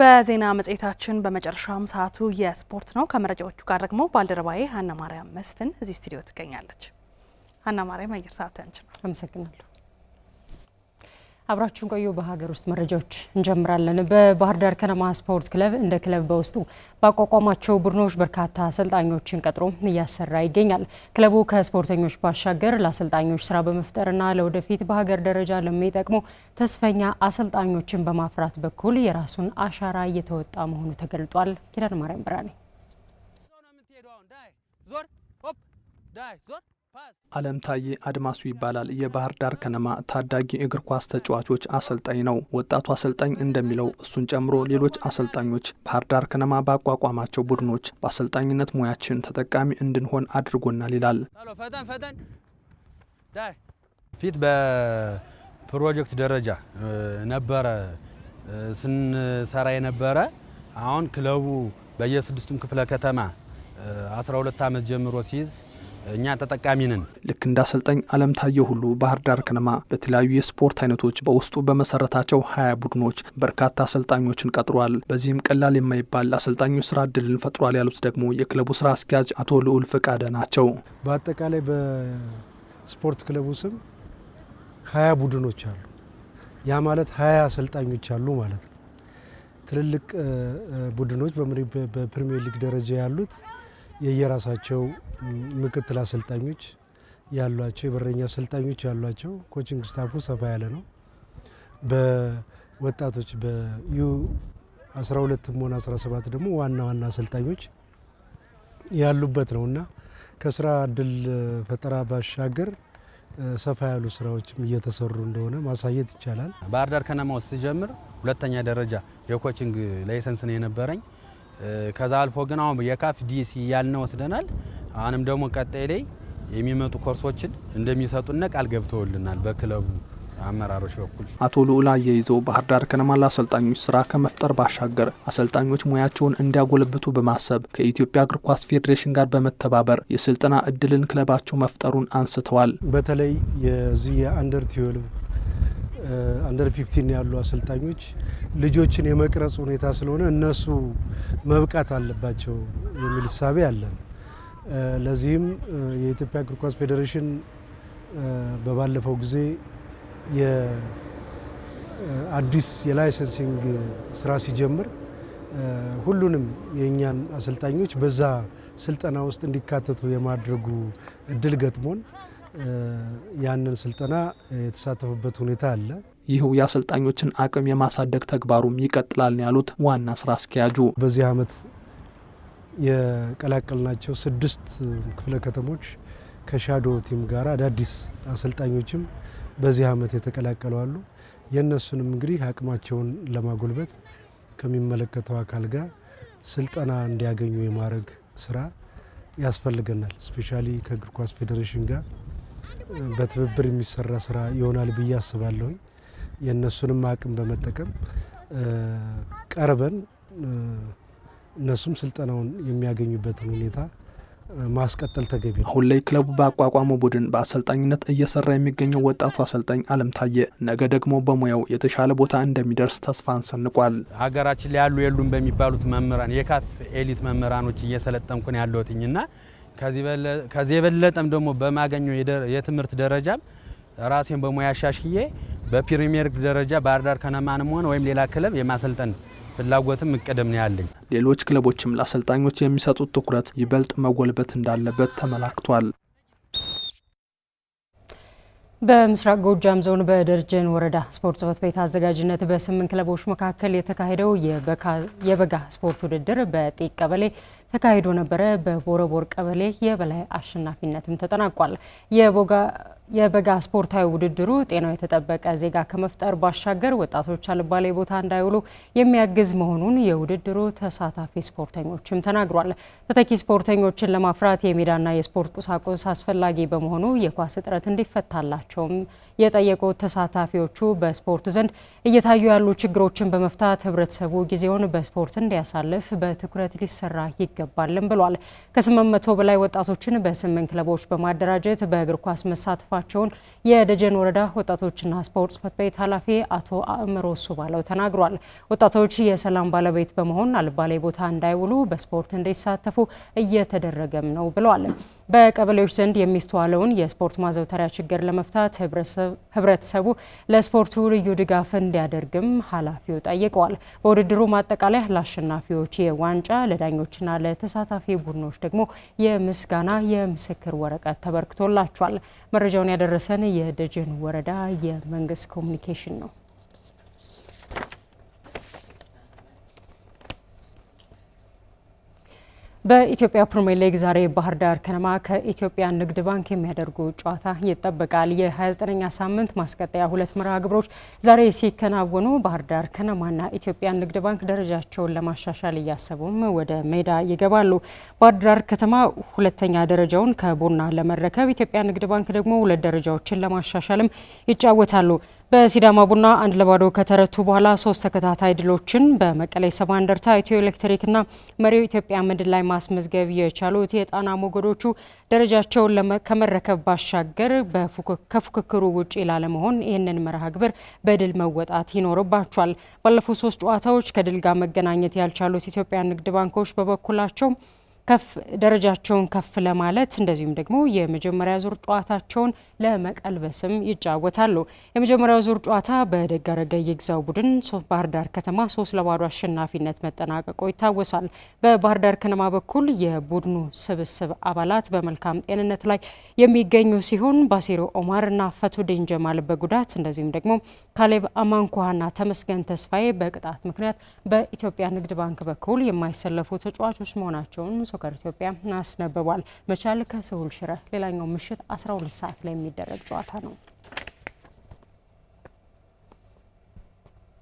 በዜና መጽሔታችን በመጨረሻም ሰዓቱ የስፖርት ነው። ከመረጃዎቹ ጋር ደግሞ ባልደረባዬ ሀና ማርያም መስፍን እዚህ ስቱዲዮ ትገኛለች። ሀና ማርያም፣ አየር ሰዓቱ ያንቺ ነው። አመሰግናለሁ። አብራችሁን ቆዩ። በሀገር ውስጥ መረጃዎች እንጀምራለን። በባህር ዳር ከነማ ስፖርት ክለብ እንደ ክለብ በውስጡ ባቋቋማቸው ቡድኖች በርካታ አሰልጣኞችን ቀጥሮ እያሰራ ይገኛል። ክለቡ ከስፖርተኞች ባሻገር ለአሰልጣኞች ስራ በመፍጠርና ለወደፊት በሀገር ደረጃ ለሚጠቅሙ ተስፈኛ አሰልጣኞችን በማፍራት በኩል የራሱን አሻራ እየተወጣ መሆኑ ተገልጧል። ኪዳን ማርያም ዞር አለምታዬ አድማሱ ይባላል። የባህር ዳር ከነማ ታዳጊ እግር ኳስ ተጫዋቾች አሰልጣኝ ነው። ወጣቱ አሰልጣኝ እንደሚለው እሱን ጨምሮ ሌሎች አሰልጣኞች ባህር ዳር ከነማ ባቋቋማቸው ቡድኖች በአሰልጣኝነት ሙያችን ተጠቃሚ እንድንሆን አድርጎናል ይላል። ፊት በፕሮጀክት ደረጃ ነበረ ስንሰራ የነበረ አሁን ክለቡ በየስድስቱም ክፍለ ከተማ 12 ዓመት ጀምሮ ሲይዝ እኛ ተጠቃሚ ነን። ልክ እንደ አሰልጣኝ አለምታየው ሁሉ ባህር ዳር ከነማ በተለያዩ የስፖርት አይነቶች በውስጡ በመሰረታቸው ሀያ ቡድኖች በርካታ አሰልጣኞችን ቀጥሯል። በዚህም ቀላል የማይባል አሰልጣኞች ስራ እድልን ፈጥሯል ያሉት ደግሞ የክለቡ ስራ አስኪያጅ አቶ ልዑል ፈቃደ ናቸው። በአጠቃላይ በስፖርት ክለቡ ስም ሀያ ቡድኖች አሉ። ያ ማለት ሀያ አሰልጣኞች አሉ ማለት ነው። ትልልቅ ቡድኖች በፕሪሚየር ሊግ ደረጃ ያሉት የየራሳቸው ምክትል አሰልጣኞች ያሏቸው የበረኛ አሰልጣኞች ያሏቸው ኮችንግ ስታፉ ሰፋ ያለ ነው። በወጣቶች በዩ 12ም ሆነ 17 ደግሞ ዋና ዋና አሰልጣኞች ያሉበት ነው እና ከስራ እድል ፈጠራ ባሻገር ሰፋ ያሉ ስራዎችም እየተሰሩ እንደሆነ ማሳየት ይቻላል። ባህር ዳር ውስጥ ሲጀምር ሁለተኛ ደረጃ የኮችንግ ላይሰንስ ነው የነበረኝ። ከዛ አልፎ ግን አሁን የካፍ ዲሲ ያልን ወስደናል። አሁንም ደግሞ ቀጣይ ላይ የሚመጡ ኮርሶችን እንደሚሰጡና ቃል ገብተውልናል በክለቡ አመራሮች በኩል አቶ ልዑል አያይዘው ባህር ዳር ከነማ ለአሰልጣኞች ስራ ከመፍጠር ባሻገር አሰልጣኞች ሙያቸውን እንዲያጎለብቱ በማሰብ ከኢትዮጵያ እግር ኳስ ፌዴሬሽን ጋር በመተባበር የስልጠና እድልን ክለባቸው መፍጠሩን አንስተዋል። በተለይ የዚህ የአንደር ትዌልቭ አንደር ፊፍቲን ያሉ አሰልጣኞች ልጆችን የመቅረጽ ሁኔታ ስለሆነ እነሱ መብቃት አለባቸው የሚል እሳቤ አለን። ለዚህም የኢትዮጵያ እግር ኳስ ፌዴሬሽን በባለፈው ጊዜ የአዲስ የላይሰንሲንግ ስራ ሲጀምር ሁሉንም የእኛን አሰልጣኞች በዛ ስልጠና ውስጥ እንዲካተቱ የማድረጉ እድል ገጥሞን ያንን ስልጠና የተሳተፉበት ሁኔታ አለ። ይህው የአሰልጣኞችን አቅም የማሳደግ ተግባሩም ይቀጥላል ያሉት ዋና ስራ አስኪያጁ በዚህ አመት የቀላቀልናቸው ስድስት ክፍለ ከተሞች ከሻዶ ቲም ጋር አዳዲስ አሰልጣኞችም በዚህ አመት የተቀላቀሉ አሉ። የእነሱንም እንግዲህ አቅማቸውን ለማጎልበት ከሚመለከተው አካል ጋር ስልጠና እንዲያገኙ የማድረግ ስራ ያስፈልገናል። ስፔሻሊ ከእግር ኳስ ፌዴሬሽን ጋር በትብብር የሚሰራ ስራ ይሆናል ብዬ አስባለሁኝ። የእነሱንም አቅም በመጠቀም ቀርበን እነሱም ስልጠናውን የሚያገኙበትን ሁኔታ ማስቀጠል ተገቢ ነው። አሁን ላይ ክለቡ በአቋቋመው ቡድን በአሰልጣኝነት እየሰራ የሚገኘው ወጣቱ አሰልጣኝ አለም ታየ ነገ ደግሞ በሙያው የተሻለ ቦታ እንደሚደርስ ተስፋ አንሰንቋል። ሀገራችን ላይ ያሉ የሉም በሚባሉት መምህራን የካፍ ኤሊት መምህራኖች እየሰለጠንኩን ያለሁትኝና ከዚህ የበለጠም ደግሞ በማገኘው የትምህርት ደረጃ ራሴን በሙያ ሻሽዬ በፕሪሚየር ደረጃ ባህርዳር ከነማንም ሆነ ወይም ሌላ ክለብ የማሰልጠን ፍላጎትም እቅድም ነው ያለኝ። ሌሎች ክለቦችም ለአሰልጣኞች የሚሰጡት ትኩረት ይበልጥ መጎልበት እንዳለበት ተመላክቷል። በምስራቅ ጎጃም ዞን በደርጀን ወረዳ ስፖርት ጽሕፈት ቤት አዘጋጅነት በስምንት ክለቦች መካከል የተካሄደው የበጋ ስፖርት ውድድር በጤቅ ቀበሌ ተካሂዶ ነበረ። በቦረቦር ቀበሌ የበላይ አሸናፊነትም ተጠናቋል። የቦጋ የበጋ ስፖርታዊ ውድድሩ ጤናው የተጠበቀ ዜጋ ከመፍጠር ባሻገር ወጣቶች አልባሌ ቦታ እንዳይውሉ የሚያግዝ መሆኑን የውድድሩ ተሳታፊ ስፖርተኞችም ተናግሯል። ተተኪ ስፖርተኞችን ለማፍራት የሜዳና የስፖርት ቁሳቁስ አስፈላጊ በመሆኑ የኳስ እጥረት እንዲፈታላቸውም የጠየቁት ተሳታፊዎቹ በስፖርቱ ዘንድ እየታዩ ያሉ ችግሮችን በመፍታት ህብረተሰቡ ጊዜውን በስፖርት እንዲያሳልፍ በትኩረት ሊሰራ ይገባልም ብሏል። ከ800 በላይ ወጣቶችን በስምንት ክለቦች በማደራጀት በእግር ኳስ መሳተፍ መሳተፋቸውን የደጀን ወረዳ ወጣቶችና ስፖርት ጽሕፈት ቤት ኃላፊ አቶ አእምሮ ሱባለው ተናግሯል። ወጣቶች የሰላም ባለቤት በመሆን አልባሌ ቦታ እንዳይውሉ በስፖርት እንዲሳተፉ እየተደረገም ነው ብለዋል። በቀበሌዎች ዘንድ የሚስተዋለውን የስፖርት ማዘውተሪያ ችግር ለመፍታት ህብረተሰቡ ለስፖርቱ ልዩ ድጋፍ እንዲያደርግም ኃላፊው ጠይቀዋል። በውድድሩ ማጠቃለያ ለአሸናፊዎች የዋንጫ ለዳኞችና ለተሳታፊ ቡድኖች ደግሞ የምስጋና የምስክር ወረቀት ተበርክቶላቸዋል። መረጃውን ያደረሰን የደጀን ወረዳ የመንግስት ኮሚኒኬሽን ነው። በኢትዮጵያ ፕሪሚየር ሊግ ዛሬ ባህር ዳር ከነማ ከኢትዮጵያ ንግድ ባንክ የሚያደርጉ ጨዋታ ይጠበቃል። የ29ኛ ሳምንት ማስቀጠያ ሁለት መርሃ ግብሮች ዛሬ ሲከናወኑ ባህር ዳር ከነማና ኢትዮጵያ ንግድ ባንክ ደረጃቸውን ለማሻሻል እያሰቡም ወደ ሜዳ ይገባሉ። ባህር ዳር ከተማ ሁለተኛ ደረጃውን ከቡና ለመረከብ፣ ኢትዮጵያ ንግድ ባንክ ደግሞ ሁለት ደረጃዎችን ለማሻሻልም ይጫወታሉ። በሲዳማ ቡና አንድ ለባዶ ከተረቱ በኋላ ሶስት ተከታታይ ድሎችን በመቀሌ ሰባ እንደርታ፣ ኢትዮ ኤሌክትሪክና መሪው ኢትዮጵያ መድን ላይ ማስመዝገብ የቻሉት የጣና ሞገዶቹ ደረጃቸውን ከመረከብ ባሻገር ከፉክክሩ ውጪ ላለመሆን ይህንን መርሃ ግብር በድል መወጣት ይኖርባቸዋል። ባለፉት ሶስት ጨዋታዎች ከድል ጋር መገናኘት ያልቻሉት ኢትዮጵያ ንግድ ባንኮች በበኩላቸው ከፍ ደረጃቸውን ከፍ ለማለት እንደዚሁም ደግሞ የመጀመሪያ ዙር ጨዋታቸውን ለመቀልበስም ይጫወታሉ። የመጀመሪያው ዙር ጨዋታ በደጋረገ የግዛው ቡድን ባህር ዳር ከተማ ሶስት ለባዶ አሸናፊነት መጠናቀቁ ይታወሳል። በባህር ዳር ከነማ በኩል የቡድኑ ስብስብ አባላት በመልካም ጤንነት ላይ የሚገኙ ሲሆን ባሲሮ ኦማርና ፈቱዲን ጀማል በጉዳት እንደዚሁም ደግሞ ካሌብ አማንኳና ተመስገን ተስፋዬ በቅጣት ምክንያት በኢትዮጵያ ንግድ ባንክ በኩል የማይሰለፉ ተጫዋቾች መሆናቸውን ሶከር ኢትዮጵያ አስነብቧል። መቻል ከስሁል ሽረ ሌላኛው ምሽት 12 ሰዓት ላይ የሚደረግ ጨዋታ ነው።